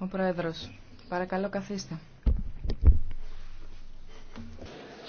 Ο Πρόεδρος, παρακαλώ καθίστε.